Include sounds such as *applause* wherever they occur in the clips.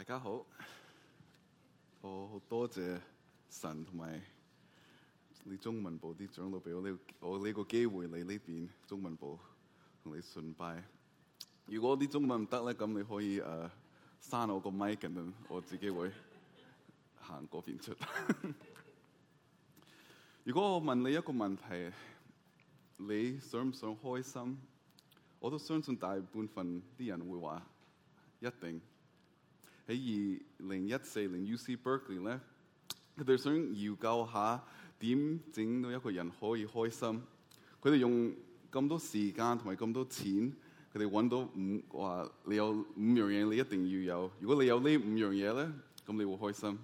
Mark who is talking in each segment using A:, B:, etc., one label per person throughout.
A: 大家好，我好多謝神同埋你中文部啲長老俾我呢，我呢個機會嚟呢邊中文部同你順拜。如果啲中文唔得咧，咁你可以誒刪、uh, 我個麥，咁我自己會行嗰邊出。 *laughs* 如果我問你一個問題，你想唔想開心？我都相信大部分啲人會話一定。喺二零一四年，UC Berkeley 咧，佢哋想研究下點整到一個人可以開心。佢哋用咁多時間同埋咁多錢，佢哋揾到五話你有五樣嘢，你一定要有。如果你有呢五樣嘢咧，咁你會開心。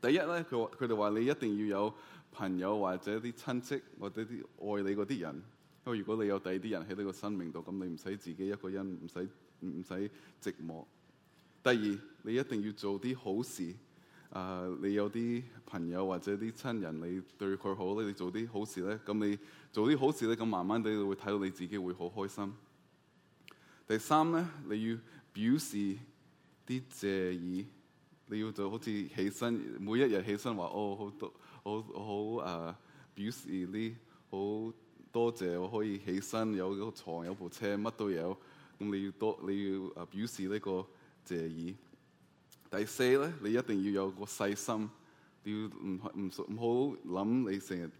A: 第一咧，佢佢哋話你一定要有朋友或者啲親戚或者啲愛你嗰啲人。因為如果你有第二啲人喺呢個生命度，咁你唔使自己一個人，唔使唔唔使寂寞。第二，你一定要做啲好事。啊、uh，你有啲朋友或者啲親人，你對佢好咧，你做啲好事咧，咁你做啲好事咧，咁慢慢哋你會睇到你自己會好開心。第三咧，你要表示啲謝意，你要就好似起身，每一日起身話哦，好多好我好啊，uh, 表示呢，好多謝，我可以起身有個床，有部車，乜都有。咁你要多你要啊表示呢個。謝意。第四咧，你一定要有個細心，你要唔唔唔好諗你成日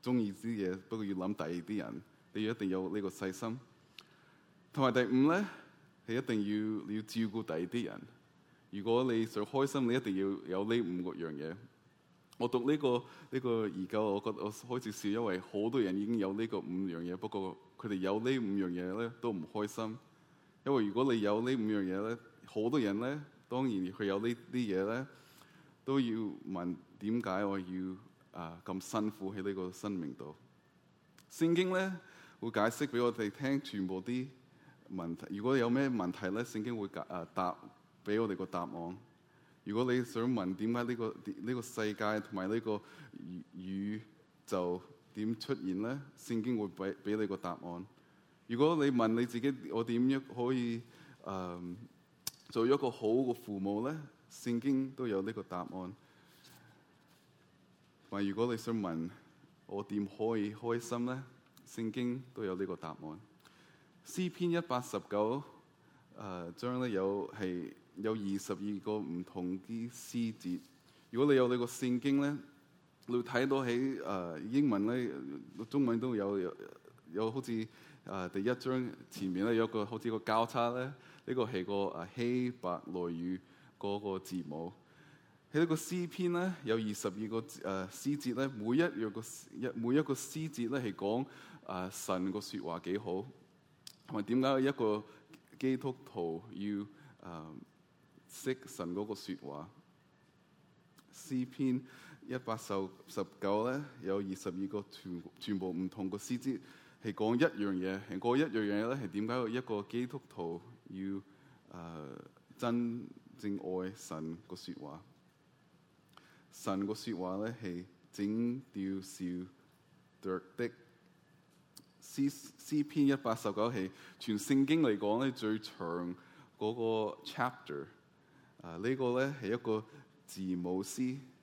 A: 中意啲嘢，不過要諗第二啲人，你要一定有呢個細心。同埋第五咧，你一定要你一定要，你要照顧第二啲人。如果你想開心，你一定要有呢五個樣嘢。我讀呢、這個呢、這個而家，我覺得我開始笑，因為好多人已經有呢個五樣嘢，不過佢哋有五呢五樣嘢咧都唔開心，因為如果你有五呢五樣嘢咧。好多人咧，當然佢有呢啲嘢咧，都要問點解我要啊咁、呃、辛苦喺呢個生命度？聖經咧會解釋俾我哋聽全部啲問題。如果有咩問題咧，聖經會誒答俾、呃、我哋個答案。如果你想問點解呢個呢、呢個世界同埋呢個宇宙點出現咧，聖經會俾俾你個答案。如果你問你自己，我點樣可以誒？呃做一個好嘅父母咧，聖經都有呢個答案。或如果你想問我點可以開心咧，聖經都有呢個答案。詩篇一百十九誒章咧，有係有二十二個唔同啲詩節。如果你有你個聖經咧，你睇到喺誒英文咧，個中文都有有有好似誒、呃、第一章前面咧有一個好似個交叉咧。個個啊個這個、呢個係個希伯來語嗰個字母。喺呢個詩篇咧，有二十二個誒詩節咧，每一樣個一每一個詩節咧係講誒神個説話，幾好，同埋點解一個基督徒要誒、呃、識神嗰個説話？詩篇一百十九咧，有二十二個全全部唔同個詩節係講一樣嘢，係、那、講、個、一樣嘢咧，係點解一個基督徒？要誒、uh，真正愛神個說話，神個說話咧係整條小短的詩詩篇一百十九係全聖經嚟講咧最長個 chapter 啊！這個、呢個咧係一個字母詩，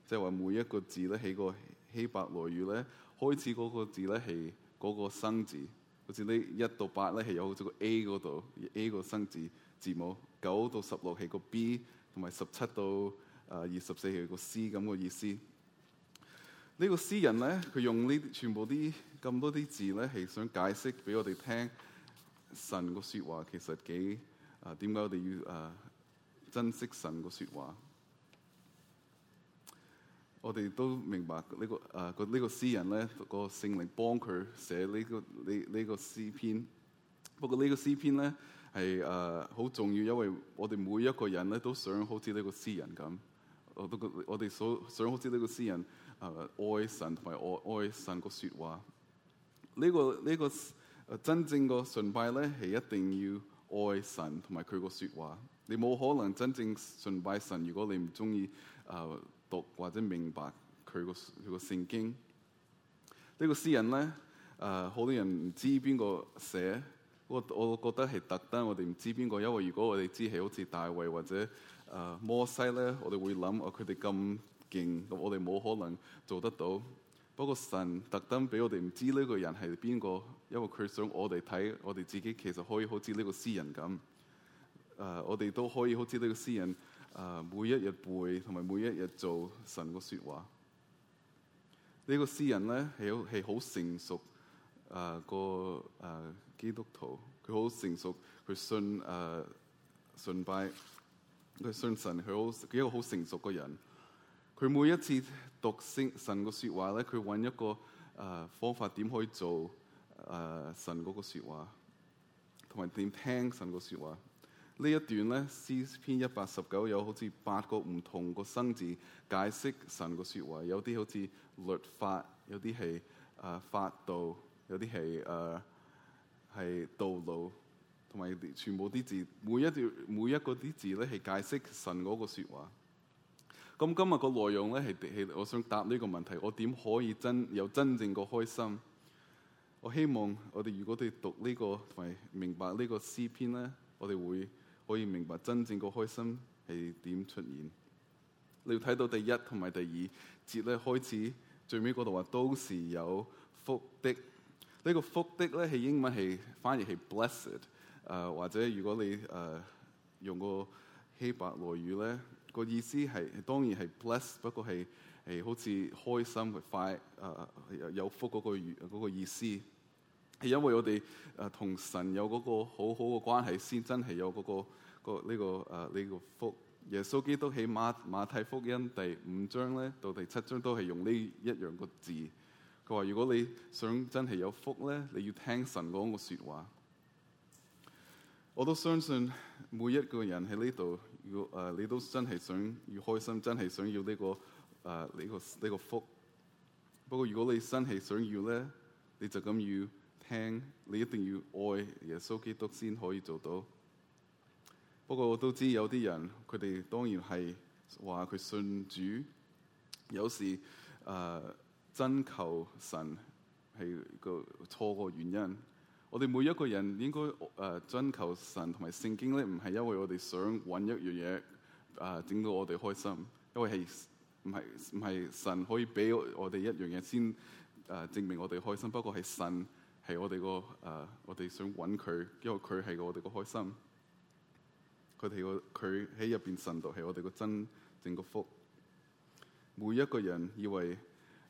A: 即係話每一個字咧起個希伯來語咧開始個字咧係個生字。好似呢一到八咧係有好似個 A 度，而 A 個生字字母，九到十六係個 B，同埋十七到啊二十四係個 C 咁個意思。這個、呢個詩人咧，佢用呢全部啲咁多啲字咧，係想解釋俾我哋聽神個說話。其實幾，啊點解我哋要啊珍惜神個說話。我哋都明白呢、這個誒，個、呃、呢、這個詩人咧，這個聖靈幫佢寫呢、這個呢呢、這個這個詩篇。不過呢個詩篇咧係誒好重要，因為我哋每一個人咧都想好似呢個詩人咁、嗯。我都我哋所想好似呢個詩人誒、呃、愛神同埋愛愛神個說話。呢、這個呢、這個誒真正個崇拜咧係一定要愛神同埋佢個說話。你冇可能真正崇拜神，如果你唔中意誒。呃讀或者明白佢個佢個聖經，呢個詩人咧，誒、呃，好多人唔知邊個寫，我我覺得係特登我哋唔知邊個，因為如果我哋知係好似大衛或者誒、呃、摩西咧，我哋會諗啊，佢哋咁勁，我哋冇可能做得到。不過神特登俾我哋唔知呢個人係邊個，因為佢想我哋睇，我哋自己其實可以好似呢個詩人咁，誒、呃，我哋都可以好似呢個詩人。啊，每一日背同埋每一日做神個說話，呢個詩人咧，係好係好成熟啊個啊基督徒，佢好成熟，佢信誒信拜，佢信神，佢好一個好成熟嘅人。佢每一次讀聖神個說話咧，佢揾一個誒方法點可以做誒神個說話，同埋點聽神個說話。呢一段咧，詩篇一百十九有好似八個唔同個生字解釋神個說話，有啲好似律法，有啲係誒法度，有啲係誒係道路，同埋全部啲字，每一段每一個啲字咧，係解釋神嗰個說話。咁今日個內容咧，係係我想答呢個問題，我點可以真有真正個開心？我希望我哋如果我哋讀呢個同埋明白呢個詩篇咧，我哋會。可以明白真正個開心係點出現。你要睇到第一同埋第二節咧開始，最尾嗰度話都是有福的。呢、這個福的咧係英文係翻譯係 blessed，誒、呃、或者如果你誒、呃、用個希伯來語咧，那個意思係當然係 bless，不過係誒好似開心或快誒、呃、有福嗰、那個語嗰、那個意思。係因為我哋誒、呃、同神有嗰個好好嘅關係，先真係有嗰、那個個呢個誒呢、這個啊這個福。耶穌基督喺馬馬太福音第五章咧到第七章都係用呢一樣個字。佢話如果你想真係有福咧，你要聽神講個說話。我都相信每一個人喺呢度，要誒、呃、你都真係想要開心，真係想要呢、這個誒呢、啊這個呢、這個福。不過如果你真係想要咧，你就咁要。聽，你一定要愛耶穌基督先可以做到。不過我都知有啲人，佢哋當然係話佢信主，有時誒、呃、真求神係個錯個原因。我哋每一個人應該誒、呃、真求神同埋聖經咧，唔係因為我哋想揾一樣嘢誒整到我哋開心，因為係唔係唔係神可以俾我哋一樣嘢先誒、呃、證明我哋開心，不過係神。係我哋個誒，我哋想揾佢，因為佢係我哋個開心。佢哋個佢喺入邊神度係我哋個真正個福。每一個人以為，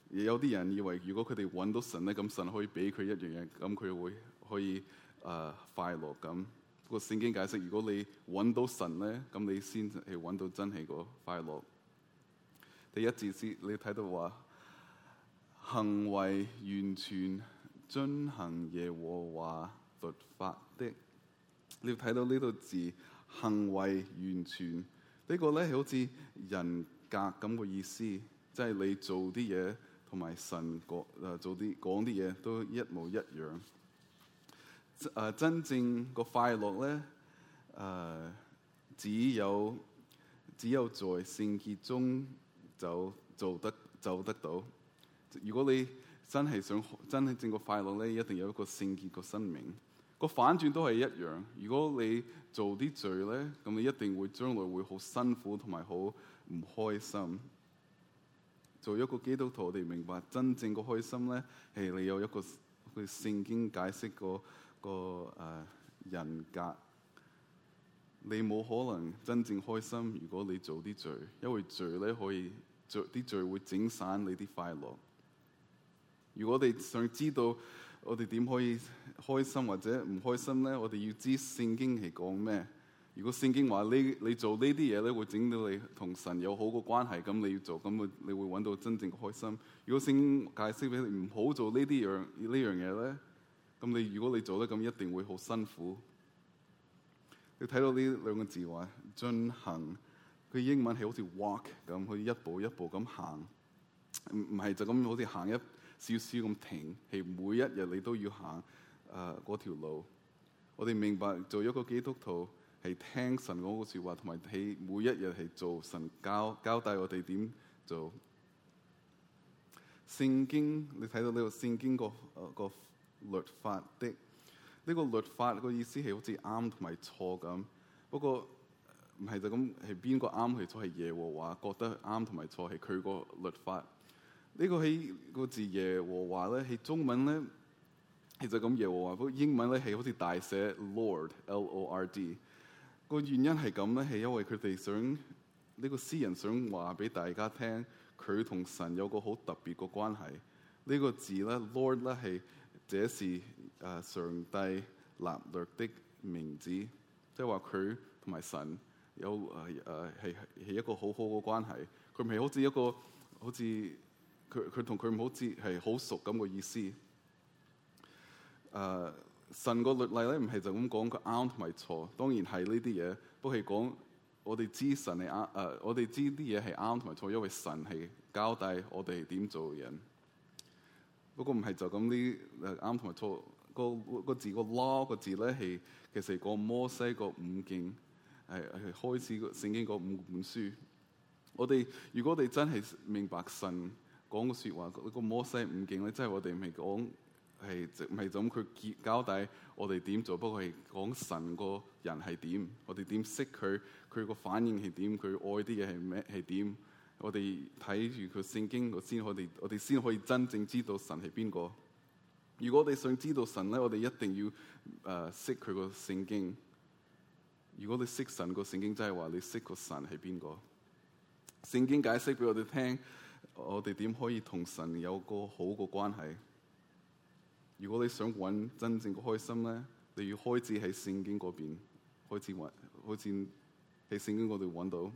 A: 有啲人以為，如果佢哋揾到神咧，咁神可以俾佢一樣嘢，咁佢會可以誒、呃、快樂。咁個聖經解釋，如果你揾到神咧，咁你先係揾到真係個快樂。第一節先，你睇到話行為完全，遵行耶和華律法的，你要睇到呢度字行為完全呢、這個咧，好似人格咁個意思，即、就、係、是、你做啲嘢同埋神講誒、呃、做啲講啲嘢都一模一樣。誒，真正個快樂咧誒，只有只有在聖潔中就做得就得到。如果你真係想真係正個快樂咧，一定有一個聖潔個生命。個反轉都係一樣。如果你做啲罪咧，咁你一定會將來會好辛苦同埋好唔開心。做一個基督徒，你明白真正個開心咧，係你有一個佢聖經解釋個個誒、呃、人格。你冇可能真正開心，如果你做啲罪，因為罪咧可以着啲罪會整散你啲快樂。如果我哋想知道我哋點可以開心或者唔開心咧，我哋要知聖經係講咩。如果聖經話你你做呢啲嘢咧，會整到你同神有好嘅關係，咁你要做，咁你會揾到真正嘅開心。如果聖經解釋俾你唔好做呢啲樣呢樣嘢咧，咁你如果你做得咁，一定會好辛苦。你睇到呢兩個字話進行，佢英文係好似 walk 咁，可以一步一步咁行，唔唔係就咁好似行一。少少咁停，係每一日你都要行誒嗰條路。我哋明白做一個基督徒係聽神嗰個說話，同埋喺每一日係做神教交，交代我哋點做。聖經你睇到呢個聖經個、呃嗰個律法的呢、這個律法個意思係好似啱同埋錯咁，不過唔係就咁，係邊個啱，係錯係耶和華覺得啱同埋錯係佢個律法。呢個係個字耶和華咧，喺中文咧其實咁耶和華。英文咧係好似大寫 Lord L O R D。個原因係咁咧，係因為佢哋想呢、這個詩人想話俾大家聽，佢同神有個好特別嘅關係。呢、這個字咧 Lord 咧係這是誒上帝立略的名字，即係話佢同埋神有誒誒係係一個好好嘅關係。佢唔係好似一個好似。佢佢同佢唔好似係好熟咁，這個意思。誒、呃，神個律例咧唔係就咁講，個啱同埋錯。當然係呢啲嘢，都係講我哋知神係啱。誒、呃，我哋知啲嘢係啱同埋錯，因為神係交代我哋點做人。是不過唔係就咁啲誒啱同埋錯個個字個 law 個字咧係其實講摩西個五經係係開始聖經嗰五本書。我哋如果我哋真係明白神。講個説話，嗰，這個摩西五經咧，即係我哋唔未講係，唔係咁佢交代，我哋點做？不過係講神個人係點，我哋點識佢？佢個反應係點？佢愛啲嘢係咩？係點？我哋睇住佢聖經，我先可以，我哋先可以真正知道神係邊個。如果我哋想知道神咧，我哋一定要誒、呃、識佢個聖經。如果你識神個聖經，真係話你識個神係邊個？聖經解釋俾我哋聽。我哋點可以同神有個好嘅關係？如果你想揾真正嘅開心咧，你要開始喺聖經嗰邊開始揾，開始喺聖經嗰度揾到。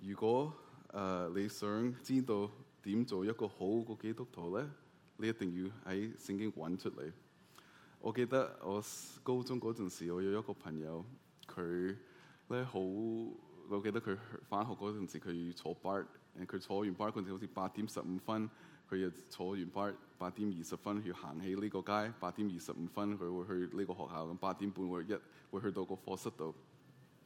A: 如果誒、呃、你想知道點做一個好嘅基督徒咧，你一定要喺聖經揾出嚟。我記得我高中嗰陣時，我有一個朋友，佢咧好。我記得佢翻學嗰陣時，佢要坐 Bart，誒佢坐完 Bart 嗰時，好似八點十五分，佢又坐完 Bart，八點二十分要行起呢個街，八點二十五分佢會去呢個學校，咁八點半我一會去到個課室度。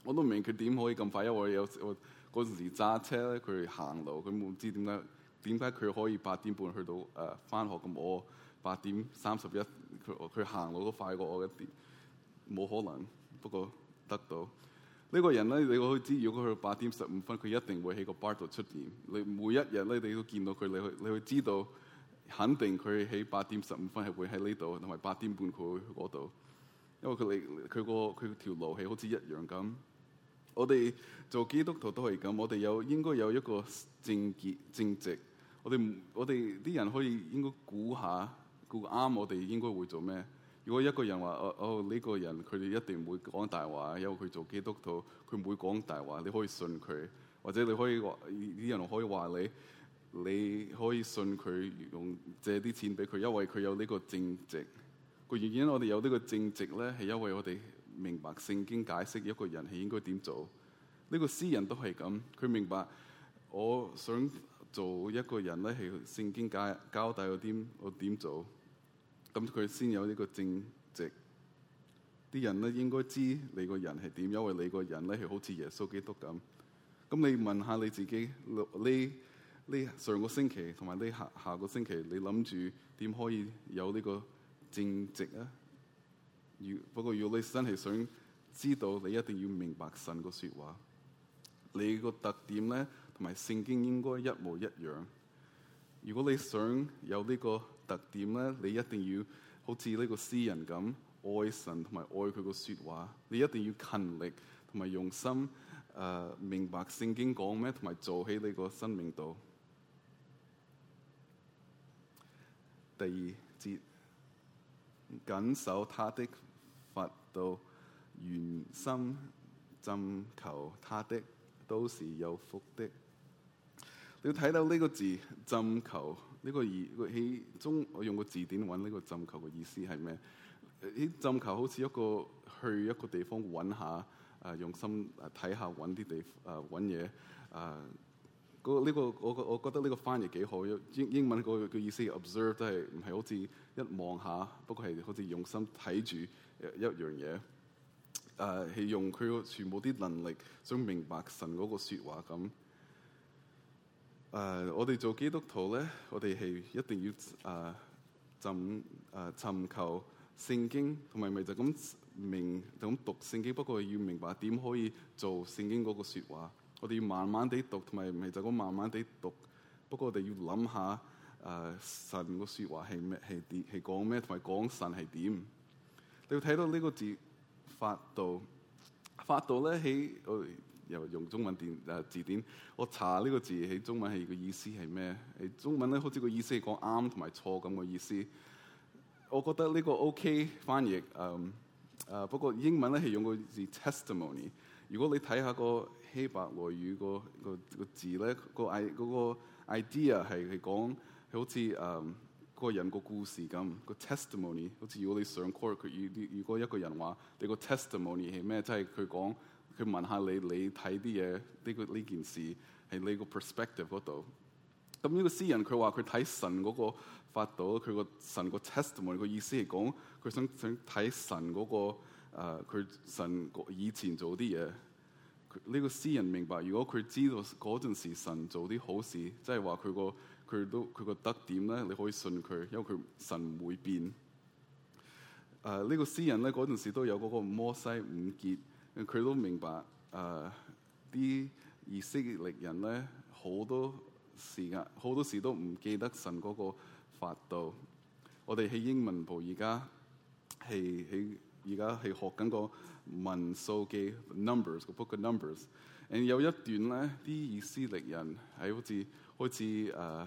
A: 我都唔明佢點可以咁快，因為有時我嗰陣時揸車咧，佢行路，佢唔知點解點解佢可以八點半去到誒翻、呃、學咁我八點三十一，佢佢行路都快過我一啲，冇可能不過得到。呢個人咧，你會知，如果佢到八點十五分，佢一定會喺個 bar 度出現。你每一日咧，你都見到佢，你會你會知道，肯定佢喺八點十五分係會喺呢度，同埋八點半佢喺嗰度。因為佢嚟，佢、個佢條路係好似一樣咁。我哋做基督徒都係咁，我哋有應該有一個正潔正直。我哋我哋啲人可以應該估下估啱，我哋應該會做咩？如果一個人話，哦哦，呢個人佢哋一定唔會講大話，因為佢做基督徒，佢唔會講大話。你可以信佢，或者你可以話啲人可以話你，你可以信佢用借啲錢俾佢，因為佢有呢個正直。個原因我哋有呢個正直咧，係因為我哋明白聖經解釋一個人係應該點做。呢個詩人都係咁，佢明白我想做一個人咧，係聖經解交代我點我點做。咁佢先有呢個正直，啲人咧，應該知你個人係點，因為你個人咧係好似耶穌基督咁。咁你問下你自己，呢呢上個星期同埋呢下下個星期，你諗住點可以有呢個正直啊？如不過如果你真係想知道，你一定要明白神個說話，你個特點咧，同埋聖經應該一模一樣。如果你想有呢個，特點咧，你一定要好似呢個詩人咁愛神同埋愛佢個說話，你一定要勤力同埋用心誒、呃，明白聖經講咩，同埋做起呢個生命度。第二節，謹守他的法度，原心尋求他的，都是有福的。你要睇到呢個字，尋求。呢、這個意，起中我用個字典揾呢個浸球嘅意思係咩？啲浸球好似一個去一個地方揾下，啊用心啊睇下揾啲地啊揾嘢啊。嗰、這、呢個我我覺得呢個翻譯幾好。英英文個意思 observe 都係唔係好似一望下，不過係好似用心睇住一樣嘢。啊，係用佢個全部啲能力想明白神嗰個説話咁。誒，uh, 我哋做基督徒咧，我哋係一定要誒，盡、呃、誒尋、呃、尋求聖經，同埋咪就咁明就咁、是、讀聖經。不過要明白點可以做聖經嗰個說話，我哋要慢慢地讀，同埋咪就咁慢慢地讀。不過我哋要諗下，誒、呃、神個說話係咩？係點？係講咩？同埋講神係點？你要睇到呢個字，法度，法度咧喺。又用中文電誒、呃、字典，我查呢個字喺中文係個意思係咩？誒中文咧好似個意思係講啱同埋錯咁嘅意思。我覺得呢個 OK 翻譯，誒不過英文咧係用個字 testimony。如果你睇下個希伯來語個個個字咧，個 idea 係係講係好似誒嗰個人個故事咁個 testimony。好似如果你上 court，佢如如果一個人話你、個 testimony 係咩，即係佢講。佢問下你，你睇啲嘢呢個呢件事係你個 perspective、嗯，這個 perspective 嗰度。咁呢個詩人佢話佢睇神嗰個法度，佢個神個 testament，佢意思係講佢想想睇神嗰、那個佢、呃、神以前做啲嘢。呢、這個詩人明白，如果佢知道嗰陣時神做啲好事，即係話佢個佢都佢個特點咧，你可以信佢，因為佢神唔會變。呃這個、詩呢個詩人咧嗰陣時都有嗰個摩西五經。佢都明白，誒啲以色列人咧好多時間，好多時都唔記得神嗰個法度。我哋喺英文部而家係喺而家係學緊個文數嘅 Numbers 個 book 嘅 Numbers，and 有一段咧啲以色列人係好似開始誒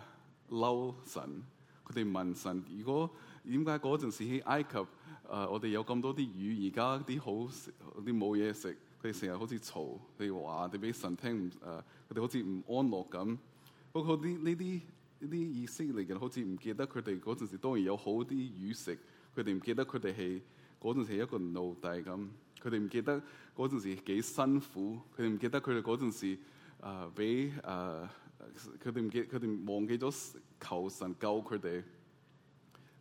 A: 嬲神，佢哋問神如果……」點解嗰陣時喺埃及？誒，我哋有咁多啲魚，而家啲好食，啲冇嘢食，佢哋成日好似嘈，你話你俾神聽唔誒？佢哋好似唔安樂咁。不過啲呢啲呢啲以色列人，好似唔記得佢哋嗰陣時當然有好啲魚食，佢哋唔記得佢哋係嗰陣時係一個奴隸咁。佢哋唔記得嗰陣時幾辛苦，佢哋唔記得佢哋嗰陣時誒俾誒，佢哋唔記佢哋忘記咗求神救佢哋。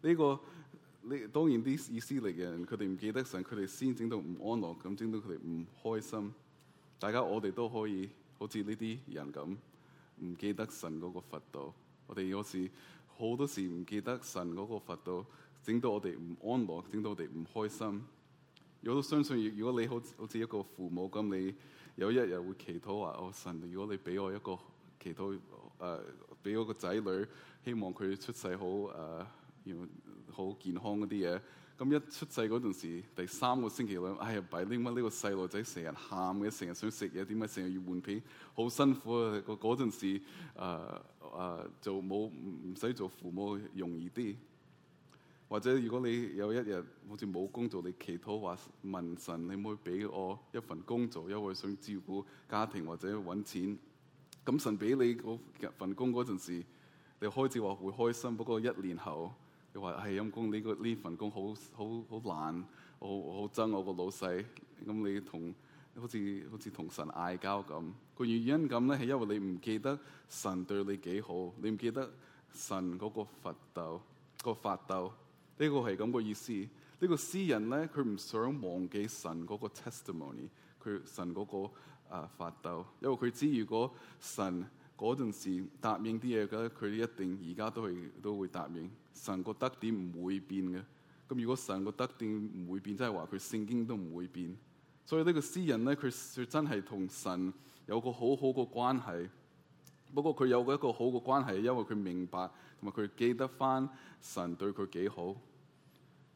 A: 呢個，你當然啲意思嚟嘅，佢哋唔記得神，佢哋先整到唔安樂，咁整到佢哋唔開心。大家我哋都可以好似呢啲人咁，唔記得神嗰個佛道。我哋有時好多時唔記得神嗰個佛道，整到我哋唔安樂，整到我哋唔開心。我都相信，如果你好好似一個父母咁，你有一日會祈禱話、啊：哦，神，如果你俾我一個祈禱，誒、呃，俾我個仔女，希望佢出世好誒。呃好健康嗰啲嘢，咁一出世嗰陣時，第三個星期兩，哎呀弊，點乜呢個細路仔成日喊嘅，成日想食嘢，點解成日要換片，好辛苦啊！嗰陣時，誒、呃、誒，就冇唔使做父母容易啲。或者如果你有一日好似冇工作，你祈禱話問神，你唔可以俾我一份工作，因為想照顧家庭或者搵錢？咁神俾你份工嗰陣時，你開始話會開心，不過一年後。又話係陰公，呢個呢份工好好好難，我好憎我個老細咁。你同好似好似同神嗌交咁。個原因咁咧，係因為你唔記得神對你幾好，你唔記得神嗰、那個法度個法度呢個係咁個意思。呢、這個詩人咧，佢唔想忘記神嗰個 testimony，佢神嗰個啊法度，因為佢知如果神嗰陣時答應啲嘢嘅，佢一定而家都係都會答應。神個特點唔會變嘅，咁如果神個特點唔會變，即係話佢聖經都唔會變。所以呢個詩人咧，佢真係同神有個好好個關係。不過佢有一個好個關係，因為佢明白同埋佢記得翻神對佢幾好。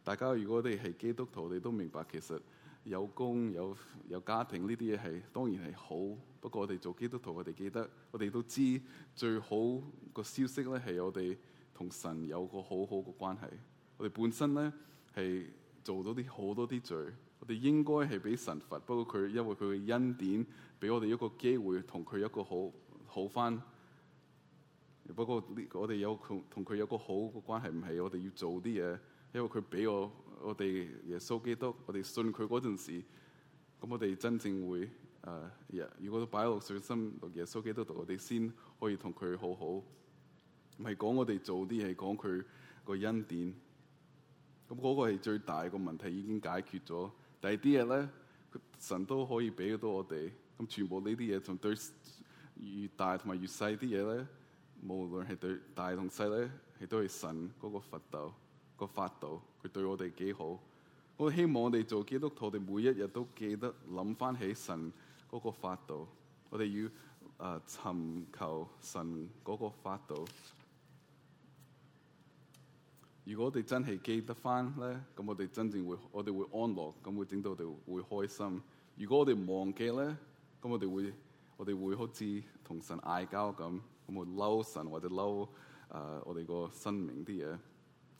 A: 大家如果我哋係基督徒，你都明白其實有工，有有家庭呢啲嘢係當然係好。不過我哋做基督徒，我哋記得我哋都知最好個消息咧係我哋，同神有個好好嘅關係，我哋本身咧係做到啲好多啲罪，我哋應該係俾神罰。不過佢因為佢嘅恩典，俾我哋一個機會同佢一個好好返。不過我哋有同同佢有一個好嘅關係，唔係我哋要做啲嘢，因為佢俾我我哋耶穌基督，我哋信佢嗰陣時，咁我哋真正會誒，uh, yeah, 如果都擺落信心落耶穌基督度，我哋先可以同佢好好。唔係講我哋做啲嘢，講佢個恩典。咁嗰個係最大個問題已經解決咗。第二啲嘢咧，神都可以俾到我哋。咁全部呢啲嘢，仲對越大同埋越細啲嘢咧，無論係對大同細咧，係都係神嗰個佛道、嗰個法道，佢對我哋幾好。我希望我哋做基督徒，我哋每一日都記得諗返起神嗰個法道。我哋要啊、呃、尋求神嗰個法道。如果我哋真係記得翻咧，咁我哋真正會，我哋會安樂，咁會整到我哋會開心。如果我哋唔忘記咧，咁我哋會，我哋會好似同神嗌交咁，咁會嬲神或者嬲誒、呃、我哋個生命啲嘢，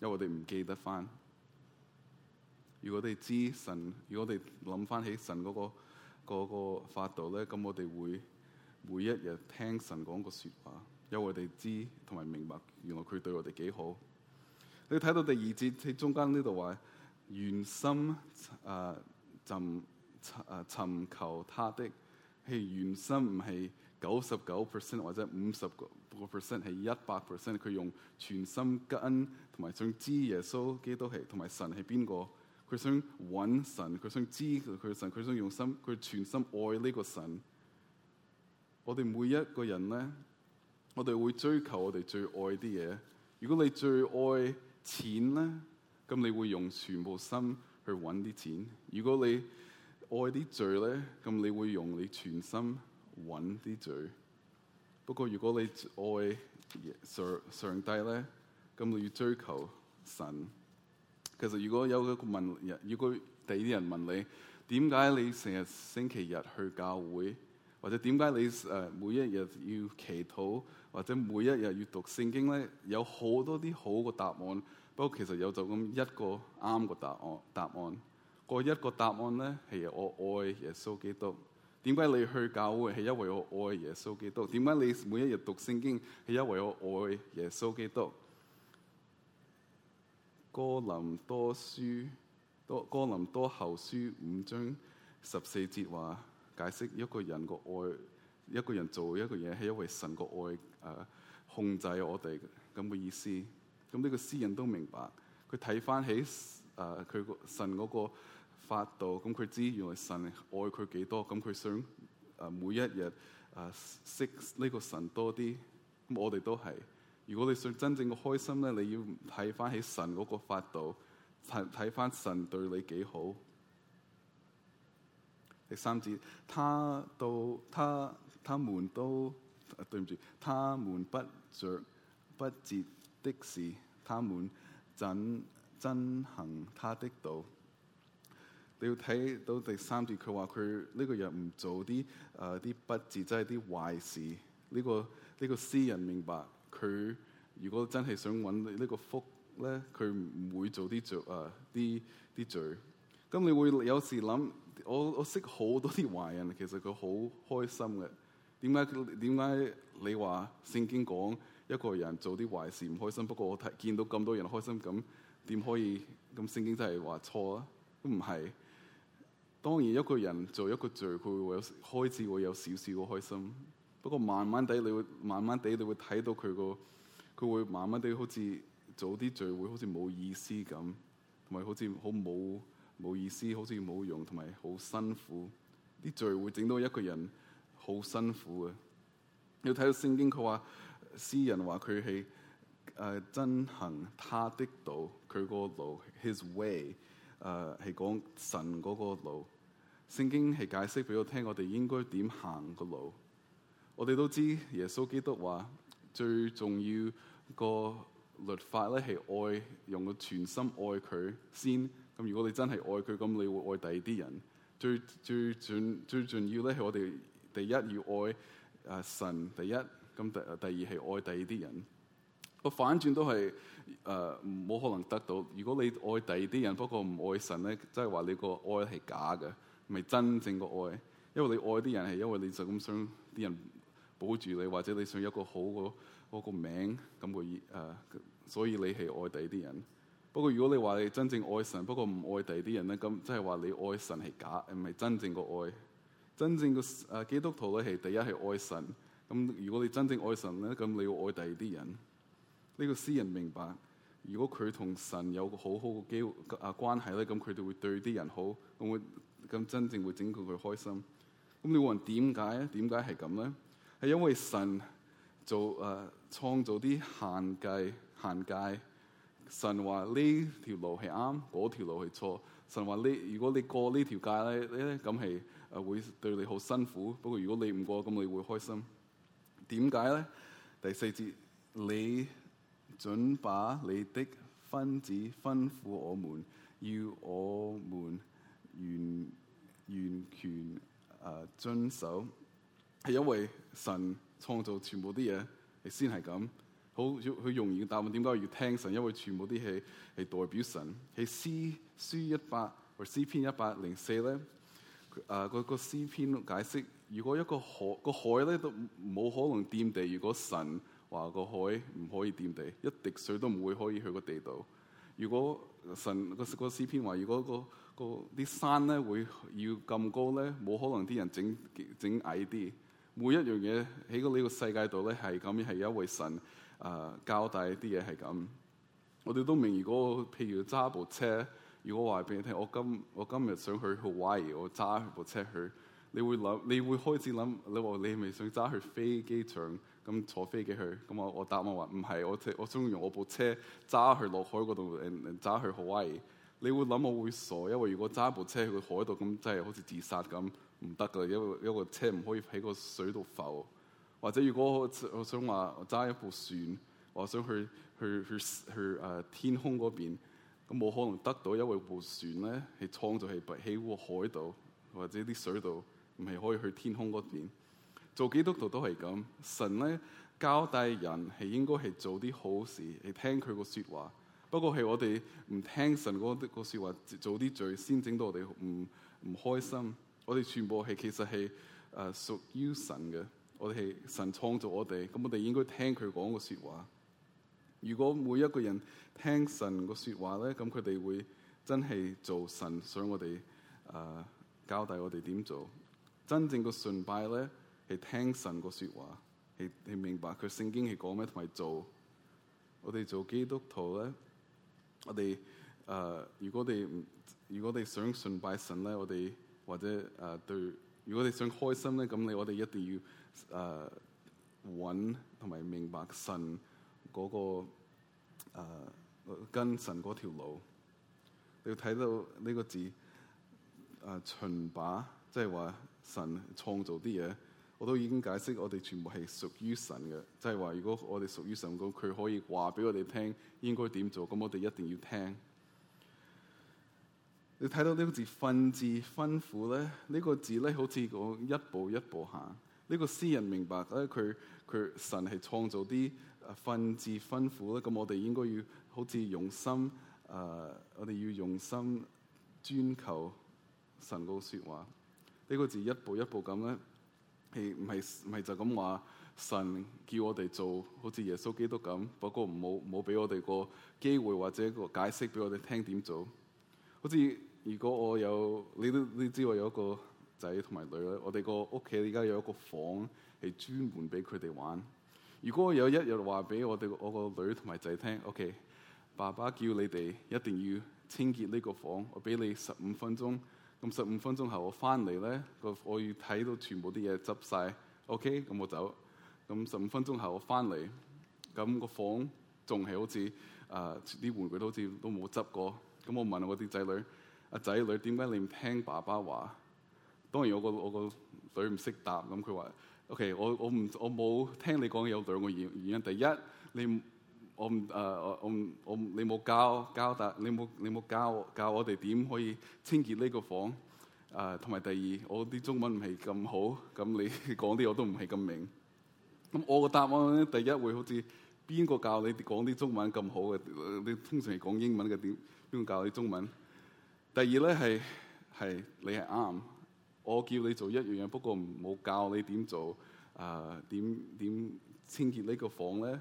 A: 因為我哋唔記得翻。如果我哋知神，如果我哋諗翻起神嗰個嗰個法度咧，咁我哋會每一日聽神講個説話，因為我哋知同埋明白，原來佢對我哋幾好。你睇到第二節喺中間呢度話，全心啊、呃、尋啊尋求他的，係全心，唔係九十九 percent 或者五十個 percent，係一百 percent。佢用全心恩，同埋想知耶穌基督係，同埋神係邊個？佢想揾神，佢想知佢神，佢想用心，佢全心愛呢個神。我哋每一個人咧，我哋會追求我哋最愛啲嘢。如果你最愛，錢咧，咁你會用全部心去揾啲錢；如果你愛啲罪咧，咁你會用你全心揾啲罪。不過如果你愛上上帝咧，咁你要追求神。其實如果有一個問人，如果第二啲人問你點解你成日星期日去教會，或者點解你誒每一日要祈禱，或者每一日要讀聖經咧，有好多啲好嘅答案。不過其實有就咁一個啱個答案，答案個一個答案呢，係我愛耶穌基督。點解你去教會，係因為我愛耶穌基督？點解你每一日讀聖經，係因為我愛耶穌基督？哥林多書多哥林多後書五章十四節話，解釋一個人個愛，一個人做一個嘢係因為神個愛、啊、控制我哋咁嘅意思。咁呢個詩人都明白，佢睇翻起誒佢，呃、神嗰個法度。咁、嗯、佢知原來神愛佢幾多，咁、嗯、佢想誒、呃、每一日誒識呢個神多啲。咁、嗯、我哋都係，如果你想真正嘅開心咧，你要睇翻起神嗰個法度，睇睇翻神對你幾好。第三節，他到，他他們都誒、啊、對唔住，他們不著不節。的事，他們真真行他的道。你要睇到第三段，佢話佢呢個人唔做啲誒啲不義，即係啲壞事。呢、呢個呢、呢個詩人明白，佢如果真係想揾呢個福咧，佢唔會做啲罪誒啲啲罪。咁、呃、你會有時諗，我我識好多啲壞人，其實佢好開心嘅。點解點解你話聖經講？一個人做啲壞事唔開心，不過我睇見到咁多人開心，咁點可以咁？聖經真係話錯啊，都唔係。當然一個人做一個聚會，佢會，會有開始會有少少開心。不過慢慢哋你，會慢慢，地你會，會慢慢哋你會睇到佢個佢會慢慢哋好似做啲聚會好似冇意思咁，同埋好似好冇冇意思，好似冇用，同埋好辛苦啲聚會整到一個人好辛苦嘅。你睇到聖經佢話。詩人話佢係誒，遵行他的道，佢個路 His Way，誒、呃、係講神嗰個路。聖經係解釋俾我聽，我哋應該點行個路。我哋都知耶穌基督話最重要個律法咧，係愛，用個全心愛佢先。咁如果你真係愛佢，咁你會愛第二啲人。最最最最重要咧，係我哋第一要愛誒、呃、神第一。咁第第二係愛第二啲人，個反轉都係誒冇可能得到。如果你愛第二啲人，不過唔愛神咧，即係話你個愛係假嘅，唔係真正個愛。因為你愛啲人係因為你就咁想啲人保住你，或者你想有一個好個、那個名咁個誒，所以你係愛第二啲人。不過如果你話你真正愛神，不過唔愛第二啲人咧，咁即係話你愛神係假，唔係真正個愛。真正個誒、呃、基督徒咧，係第一係愛神。咁如果你真正愛神咧，咁你要愛第二啲人。呢、這個詩人明白，如果佢同神有個好好嘅機會啊關係咧，咁佢哋會對啲人好，咁會，咁真正會拯救佢開心。咁你話點解咧？點解係咁咧？係因為神做誒、呃、創造啲限界限界。神話呢條路係啱，嗰條路係錯。神話呢，如果你過呢條界咧，咧咁係誒會對你好辛苦。不過如果你唔過，咁你會開心。點解咧？第四節，你准把你的分子吩咐我們，要我們完完全誒、呃、遵守，係因為神創造全部啲嘢係先係咁好，好容易嘅答案。點解要聽神？因為全部啲係係代表神係詩書一百或詩篇一百零四咧，誒、呃、嗰、嗰個詩篇解釋。如果一個海個海咧都冇可能掂地，如果神話個海唔可以掂地，一滴水都唔會可以去個地度。如果神個個詩篇話，如果個個啲山咧會要咁高咧，冇可能啲人整整矮啲。每一樣嘢喺個呢個世界度咧係咁，係、呃、一位神啊交代啲嘢係咁。我哋都明，如果譬如揸部車，如果話俾你聽，我今我今日想去去 Hawaii，我揸部車去。你會諗，你會開始諗，你話你係咪想揸去飛機場，咁坐飛機去，咁我我答我話唔係，我我想用我部車揸去落海嗰度，揸去 Hawaii。你會諗我會傻，因為如果揸部車去海度咁，真係好似自殺咁，唔得噶，因為一為車唔可以喺個水度浮。或者如果我想話揸一部船，我想去去去去誒、啊、天空嗰邊，咁冇可能得到，因為部船咧係創造係喺個海度，或者啲水度。唔係可以去天空嗰邊。做基督徒都係咁，神咧交代人係應該係做啲好事，係聽佢個說話。不過係我哋唔聽神嗰個說話，做啲罪，先整到我哋唔唔開心。我哋全部係其實係誒、呃、屬於神嘅，我哋係神創造我哋，咁我哋應該聽佢講個說話。如果每一個人聽神個說話咧，咁佢哋會真係做神想我哋誒、呃、交代我哋點做。真正嘅崇拜咧，係聽神個說話，係係明白佢聖經係講咩同埋做。我哋做基督徒咧，我哋誒，如果你唔，如果你想崇拜神咧，我哋或者誒對，如果你想開心咧，咁你我哋一定要誒揾同埋明白神嗰個誒跟神嗰條路。你要睇到呢個字誒，崇拜即係話。神創造啲嘢，我都已經解釋，我哋全部係屬於神嘅。即係話，如果我哋屬於神，咁佢可以話俾我哋聽應該點做，咁我哋一定要聽。你睇到呢個字訓詞吩咐咧，呢、這個字咧好似講一步一步下。呢、這個詩人明白咧，佢佢神係創造啲誒訓詞吩咐咧，咁我哋應該要好似用心誒、呃，我哋要用心專求神嘅説話。呢個字一步一步咁咧，係唔係唔係就咁話？神叫我哋做好似耶穌基督咁，不過唔好唔好俾我哋個機會或者個解釋俾我哋聽點做？好似如果我有，你都你知我有一個仔同埋女咧，我哋個屋企而家有一個房係專門俾佢哋玩。如果我有一日話俾我哋我個女同埋仔聽，OK，爸爸叫你哋一定要清潔呢個房，我俾你十五分鐘。咁十五分鐘後我翻嚟咧，個我要睇到全部啲嘢執晒。OK，咁我走。咁十五分鐘後我翻嚟，咁個房仲係好似啊啲玩具都好似都冇執過。咁我問我啲仔女，阿、啊、仔女點解你唔聽爸爸話？當然我個我個女唔識答，咁佢話 OK，我我唔我冇聽你講有兩個原原因。第一你。我唔誒，我我我你冇教教但，你冇你冇教教我哋點可以清潔呢個房誒，同埋，uh，第二，我啲中文唔係咁好，咁你講啲我都唔係咁明。咁我個答案咧，第一會好似邊個教你講啲中文咁好嘅？你通常係講英文嘅，點邊個教你中文？第二咧係係你係啱，我叫你做一樣嘢，不過唔冇教你點做誒點點清潔呢個房咧。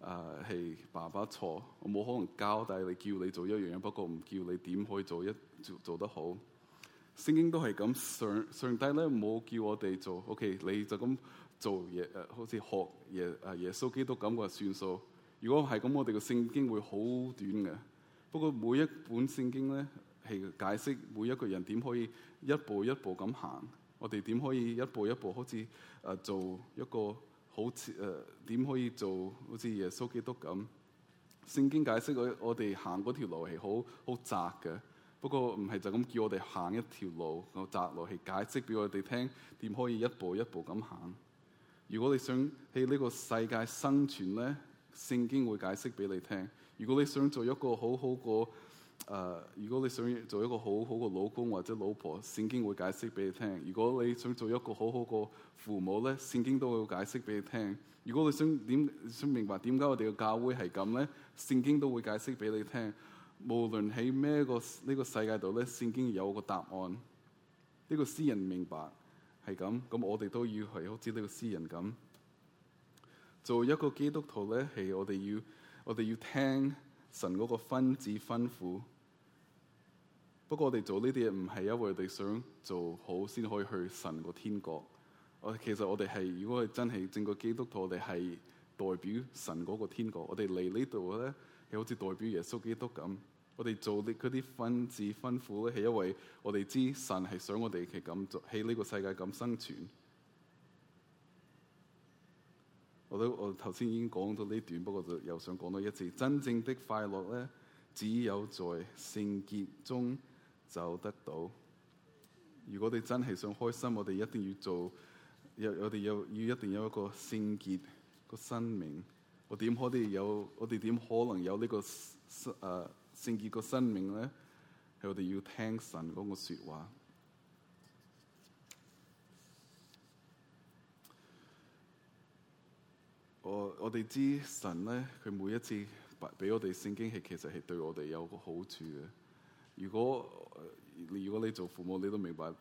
A: 啊係、uh, 爸爸錯，我冇可能交代你叫你做一樣嘢，不過唔叫你點可以做一做做得好。聖經都係咁，上上帝咧冇叫我哋做，OK，你就咁做嘢、呃，好似學耶啊耶穌基督咁就算數。如果係咁，我哋嘅聖經會好短嘅。不過每一本聖經咧係解釋每一個人點可以一步一步咁行，我哋點可以一步一步好似啊、呃、做一個。好似誒，點可以做好似耶穌基督咁？聖經解釋我哋行嗰條路係好好窄嘅。不過唔係就咁叫我哋行一條路個窄路，係解釋俾我哋聽點可以一步一步咁行。如果你想喺呢個世界生存咧，聖經會解釋俾你聽。如果你想做一個好好過，誒，uh, 如果你想做一個好好嘅老公或者老婆，聖經會解釋俾你聽；如果你想做一個好好嘅父母咧，聖經都會解釋俾你聽；如果你想點想明白點解我哋嘅教會係咁咧，聖經都會解釋俾你聽。無論喺咩個呢個世界度咧，聖經有個答案。呢個詩人明白係咁，咁我哋都要係好似呢個詩人咁，做一個基督徒咧，係我哋要我哋要聽。神嗰個分子吩咐，不過我哋做呢啲嘢唔係因為我哋想做好先可以去神個天國。我其實我哋係如果係真係整個基督徒，我哋係代表神嗰個天國。我哋嚟呢度咧，係好似代表耶穌基督咁。我哋做啲嗰啲分子吩咐咧，係因為我哋知神係想我哋係咁做喺呢個世界咁生存。我都我頭先已經講咗呢段，不過就又想講多一次。真正的快樂咧，只有在聖潔中就得到。如果我哋真係想開心，我哋一定要做，有我哋有要，要一定要有一個聖潔個生命。我點可以有？我哋點可能有呢、這個誒聖潔個生命咧？係我哋要聽神嗰個説話。我哋之神呢，佢每一次俾我哋聖經係，其實係對我哋有個好處嘅。如果、呃、如果你做父母，你都明白，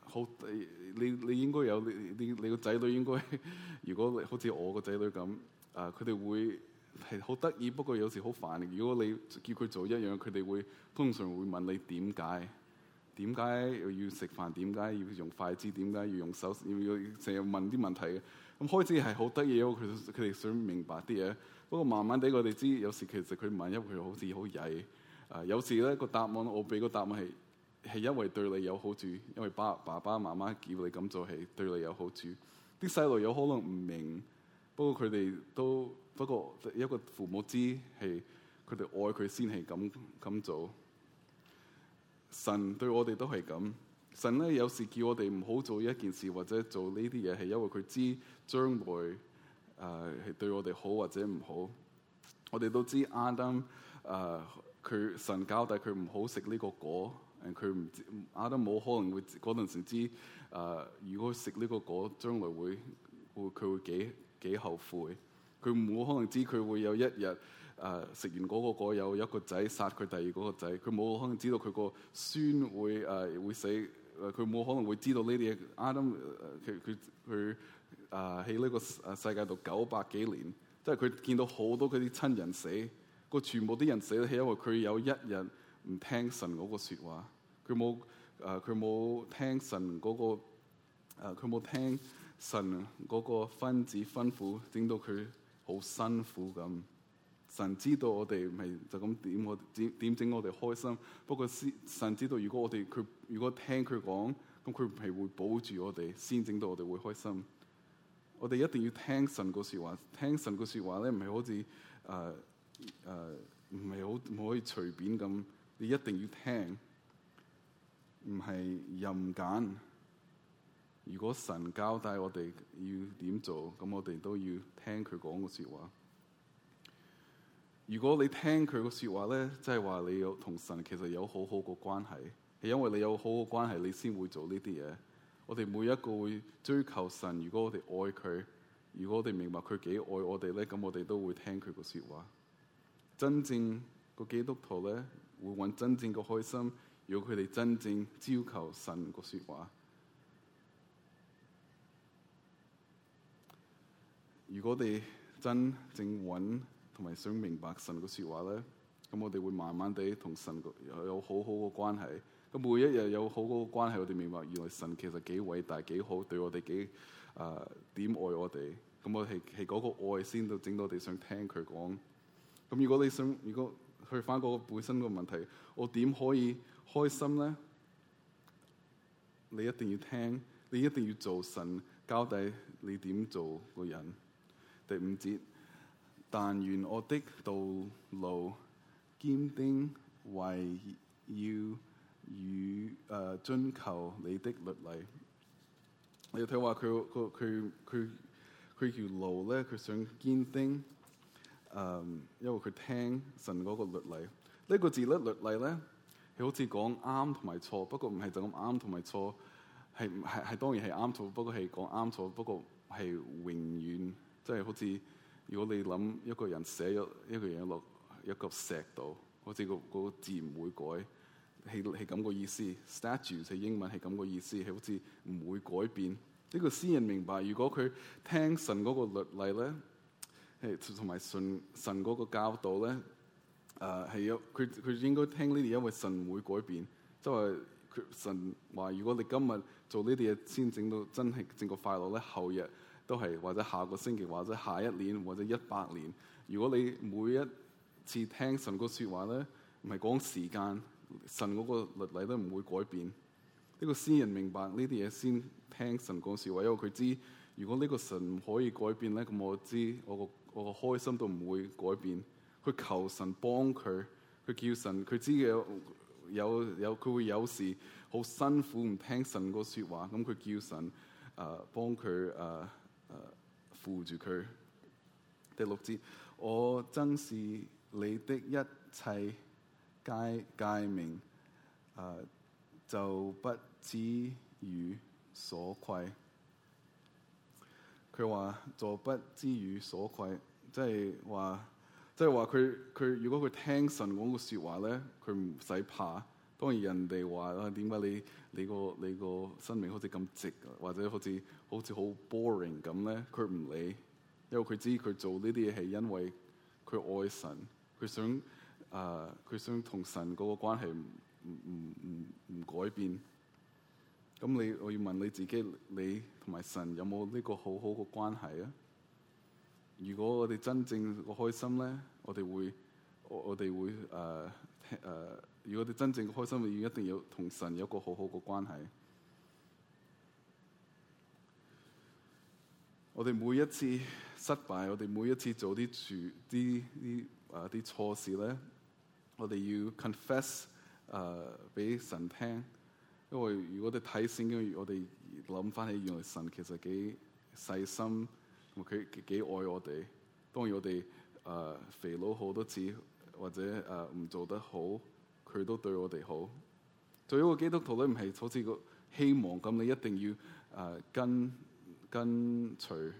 A: 好你你應該有你你個仔女應該，如果好似我個仔女咁，啊佢哋會係好得意，不過有時好煩。如果你叫佢做一樣，佢哋會通常會問你點解？點解又要食飯？點解要用筷子？點解要用手？要成日問啲問題嘅？咁開始係好得意，佢佢哋想明白啲嘢。不過慢慢地我，我哋知有時其實佢唔係，因為佢好似好曳。啊，有時咧、嗰個答案，我俾個答案係係因為對你有好處，因為爸爸爸媽媽叫你咁做係對你有好處。啲細路有可能唔明，不過佢哋都不過一個父母知係佢哋愛佢先係咁咁做。神對我哋都係咁。神咧有時叫我哋唔好做一件事，或者做呢啲嘢，係因為佢知將來誒係、呃、對我哋好或者唔好。我哋都知亞當誒佢神交代佢唔好食呢個果，誒佢唔知，亞當冇可能會嗰陣時知誒、呃、如果食呢個果，將來會會佢會幾幾後悔。佢冇可能知佢會有一日誒食完嗰個果，有一個仔殺佢第二嗰個仔。佢冇可能知道佢個孫會誒、呃、會死。佢冇可能會知道呢啲嘢 Adam 佢佢佢啊喺呢個啊世界度九百幾年，即係佢見到好多佢啲親人死，個全部啲人死都係因為佢有一日唔聽神嗰個説話，佢冇啊佢冇聽神嗰、嗰個佢冇、啊、聽神嗰個吩咐吩咐，整到佢好辛苦咁。神知道我哋唔係就咁點我點點整我哋開心。不過神知道如果我哋佢如果聽佢講，咁佢唔係會保住我哋，先整到我哋會開心。我哋一定要聽神個說話，聽神個說話咧唔係好似誒誒唔係好唔可以隨便咁，你一定要聽，唔係任揀。如果神交代我哋要點做，咁我哋都要聽佢講個說話。如果你聽佢個說話咧，即係話你有同神其實有好好個關係，係因為你有好好個關係，你先會做呢啲嘢。我哋每一個會追求神，如果我哋愛佢，如果我哋明白佢幾愛我哋咧，咁我哋都會聽佢個說話。真正個基督徒咧，會揾真正個開心，如果佢哋真正追求神個說話。如果我哋真正揾，同埋想明白神個說話咧，咁我哋會慢慢地同神有好好個關係。咁每一日有好好個關係，我哋明白原來神其實幾偉大、幾好，對我哋幾誒點愛我哋。咁我係係嗰個愛先到，整到我哋想聽佢講。咁如果你想，如果去翻嗰個本身個問題，我點可以開心咧？你一定要聽，你一定要做神。神交代你點做個人。第五節。但願我的道路堅定為與，為要與誒遵求你的律例。你睇，話佢佢佢佢佢條路咧，佢想堅定。誒、嗯，因為佢聽神嗰個律例。呢個字咧，律例咧，佢好似講啱同埋錯，不過唔係就咁啱同埋錯，係係係當然係啱錯，不過係講啱錯，不過係永遠，即係好似。如果你諗一個人寫一一個嘢落一個石度，好似個個字唔會改，係係咁個意思。Statue 寫英文係咁個意思，係好似唔會改變。呢、這個詩人明白，如果佢聽神嗰個律例咧，係同埋神神嗰個教導咧，誒係要佢佢應該聽呢啲，因為神唔會改變。即係佢神話，如果你今日做呢啲嘢先整到真係整個快樂咧，後日，都係，或者下個星期，或者下一年，或者一百年。如果你每一次聽神個説話咧，唔係講時間，神嗰個律例都唔會改變。呢個先人明白呢啲嘢，先聽神講説話，因為佢知如果呢個神唔可以改變咧，咁我知我個我個開心都唔會改變。佢求神幫佢，佢叫神，佢知嘅。有有佢會有時好辛苦唔聽神個説話，咁佢叫神誒幫佢誒。呃護住佢。第六節，我真是你的一切誡誡命，誒、呃，就不至於所愧。佢話就不至於所愧，即係話，話，即係話佢佢如果佢聽神講嘅說話咧，佢唔使怕。當然人哋話啦，點、啊、解你你個你個生命好似咁直，或者好似好似好 boring 咁咧？佢唔理，因為佢知佢做呢啲嘢係因為佢愛神，佢想誒佢、呃、想同神嗰個關係唔唔唔唔改變。咁你我要問你自己，你同埋神有冇呢個好好嘅關係啊？如果我哋真正個開心咧，我哋會我哋會誒誒。呃呃如果我哋真正嘅開心，要一定要同神有個好好嘅關係。我哋每一次失敗，我哋每一次做啲錯啲啲啊啲錯事咧，我哋要 confess 誒、呃、俾神聽。因為如果你睇聖經，我哋諗翻起原來神其實幾細心，佢幾愛我哋。當然我哋誒、呃、肥佬好多次或者誒唔、呃、做得好。佢都對我哋好。做一個基督徒都唔係好似個希望咁，你一定要誒、呃、跟，跟隨，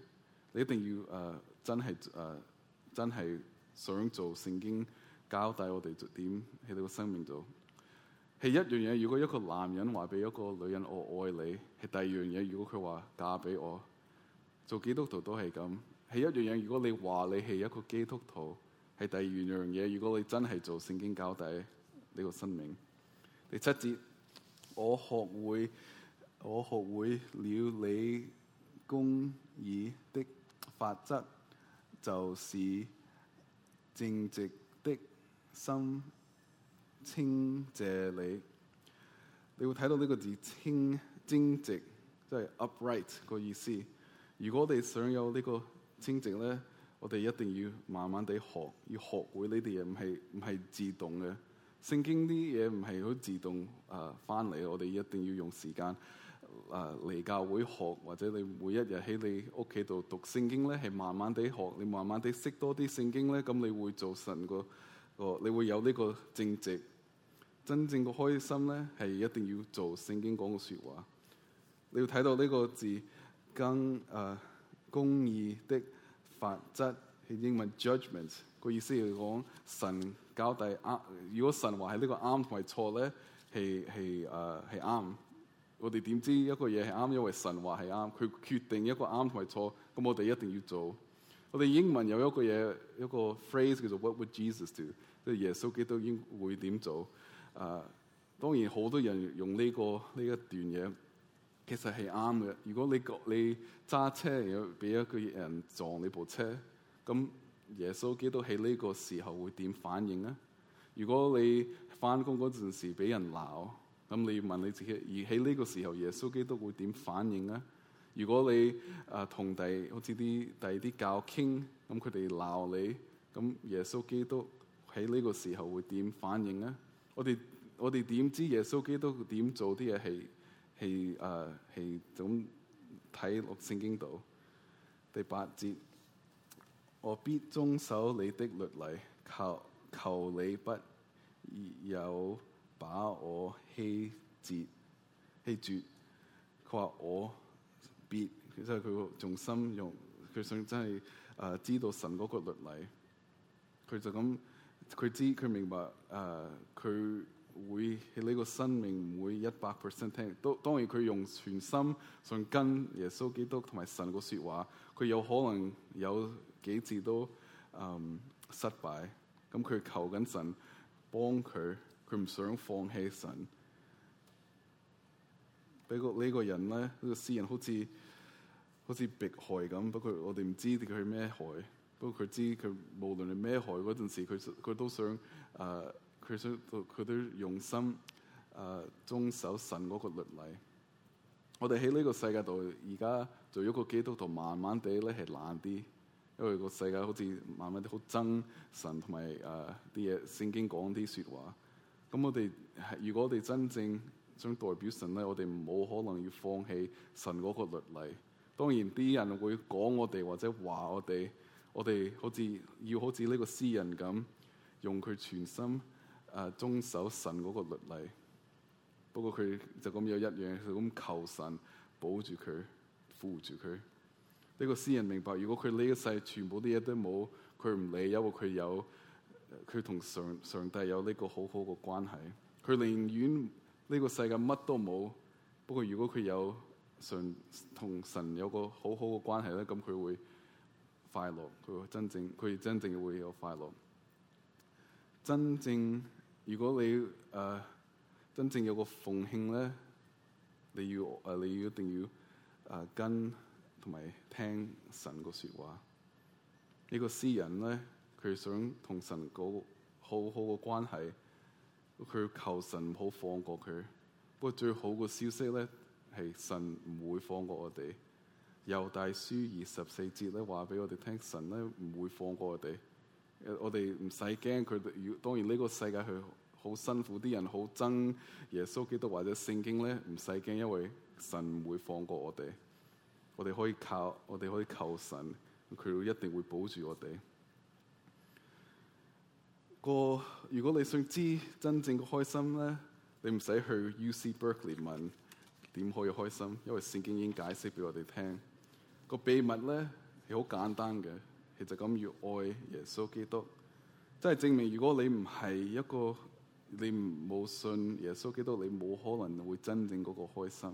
A: 你一定要誒、呃、真係誒、呃、真係想做聖經交代我哋點喺你個生命度。係一樣嘢，如果一個男人話俾一個女人我愛你，係第二樣嘢。如果佢話嫁俾我，做基督徒都係咁。係一樣嘢，如果你話你係一個基督徒，係第二樣嘢。如果你真係做聖經交代。呢個生命第七節，我學會我學會了你公義的法則，就是正直的心。稱謝你，你會睇到呢個字稱正直，即係 upright 個意思。如果我哋想有個清呢個正直咧，我哋一定要慢慢地學，要學會呢啲嘢，唔係唔係自動嘅。聖經啲嘢唔係好自動誒翻嚟，我哋一定要用時間誒嚟教會學，或者你每一日喺你屋企度讀聖經咧，係慢慢地學，你慢慢哋識多啲聖經咧，咁你會做神個個、哦，你會有呢個正直。真正個開心咧，係一定要做聖經講嘅説話。你要睇到呢個字，跟誒、呃、公義的法則係英文 judgment 個意思係講神。搞第啱、啊？如果神話係呢個啱同埋錯咧，係係誒係啱。我哋點知一個嘢係啱，因為神話係啱。佢決定一個啱同埋錯，咁我哋一定要做。我哋英文有一個嘢，一個 phrase 叫做 What would Jesus do？即係耶穌基督應會點做？誒、啊，當然好多人用呢、這個呢一段嘢，其實係啱嘅。如果你覺你揸車要俾一個人撞你部車，咁、嗯。耶穌基督喺呢個時候會點反應啊？如果你翻工嗰陣時俾人鬧，咁你問你自己，而喺呢個時候耶穌基督會點反應啊？如果你誒、呃、同第好似啲第啲教傾，咁佢哋鬧你，咁耶穌基督喺呢個時候會點反應啊？我哋我哋點知耶穌基督點做啲嘢，係係誒係咁睇《落、呃、聖經》度第八節。何必遵守你的律例，求求你不有把我欺折欺絕。佢話我必，即係佢個重心用，用佢想真係誒、呃、知道神個律例。佢就咁，佢知佢明白誒，佢、呃、會喺呢、這個生命每一百 percent 聽。都當然佢用全心想跟耶穌基督同埋神個說話。佢有可能有幾次都嗯失敗，咁佢求緊神幫佢，佢唔想放棄神。俾個呢個人咧呢、呢個詩人好似好似迫害咁，不過我哋唔知佢係咩害。不過佢知佢無論係咩害嗰陣時，佢佢都想誒，佢、呃、想佢、呃、都用心誒遵、呃、守神嗰個律例。我哋喺呢個世界度，而家做一個基督徒，慢慢地咧係懶啲，因為個世界好似慢慢啲好憎神同埋誒啲嘢。聖、啊、經講啲説話，咁、嗯、我哋如果我哋真正想代表神咧，我哋冇可能要放棄神嗰個律例。當然啲人會講我哋或者話我哋，我哋好似要好似呢個詩人咁，用佢全心誒遵守神嗰個律例。不過佢就咁有一樣，就咁求神保住佢、扶住佢。呢個詩人明白，如果佢呢一世全部啲嘢都冇，佢唔理，因為佢有，佢同上上帝有呢個好好嘅關係。佢寧願呢個世界乜都冇，不過如果佢有上同神有個好好嘅關係咧，咁佢會快樂。佢真正，佢真正會有快樂。真正，如果你誒。呃真正有個奉獻咧，你要啊，你要一定要啊、呃、跟同埋聽神個説話。這個、詩呢個詩人咧，佢想同神個好好個關係，佢求神唔好放過佢。不過最好個消息咧係神唔會放過我哋。猶大書二十四節咧話俾我哋聽，神咧唔會放過我哋。我哋唔使驚佢，當然呢個世界佢。好辛苦，啲人好憎耶穌基督或者聖經咧，唔使驚，因為神唔會放過我哋。我哋可以靠，我哋可以求神，佢一定會保住我哋。個如果你想知真正嘅開心咧，你唔使去 UC Berkeley 問點可以開心，因為聖經已經解釋俾我哋聽。個秘密咧係好簡單嘅，其實咁要愛耶穌基督，真係證明，如果你唔係一個。你冇信耶穌基督，你冇可能會真正嗰個開心。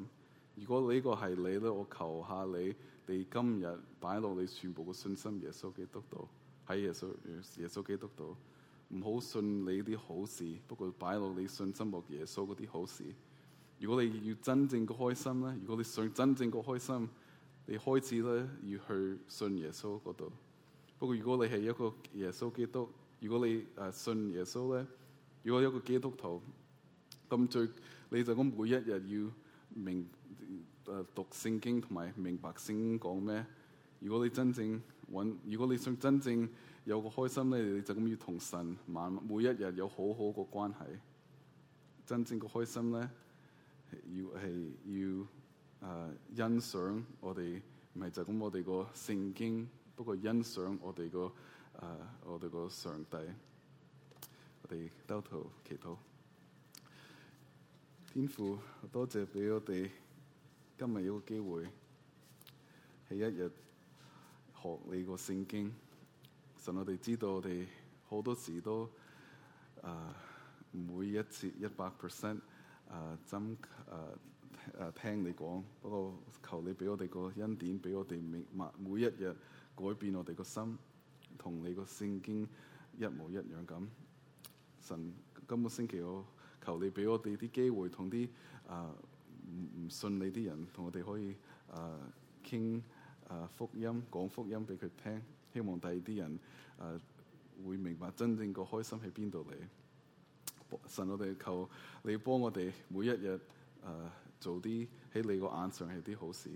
A: 如果呢個係你咧，我求下你，你今日擺落你全部嘅信心耶穌基督度，喺耶穌耶穌基督度，唔好信你啲好事，不過擺落你信心落耶穌嗰啲好事。如果你要真正嘅開心咧，如果你想真正嘅開心，你開始咧要去信耶穌嗰度。不過如果你係一個耶穌基督，如果你誒信耶穌咧。如果一個基督徒咁，最你就咁每一日要明，誒讀聖經同埋明白聖經講咩？如果你真正揾，如果你想真正有個開心呢，你就咁要同神每一日有好好個關係。真正個開心呢，要係要誒、呃，欣賞我哋，唔係就咁我哋個聖經，不過欣賞我哋個誒我哋個上帝。我哋兜途祈禱，天父，多謝俾我哋今日有個機會，喺一日學你個聖經，使我哋知道我哋好多時都誒、啊、每一次一百 percent 誒真誒聽你講。不過求你俾我哋個恩典，俾我哋每一日改變我哋個心，同你個聖經一模一樣咁。神，今個星期我求你俾我哋啲機會，同啲啊唔唔信你啲人，同我哋可以啊傾啊福音，講福音俾佢聽。希望第二啲人啊、呃、會明白真正個開心喺邊度嚟。神，我哋求你幫我哋每一日啊做啲喺你個眼上係啲好事。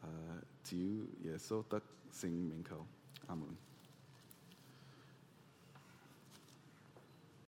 A: 啊、呃，主耶穌得勝名求。阿門。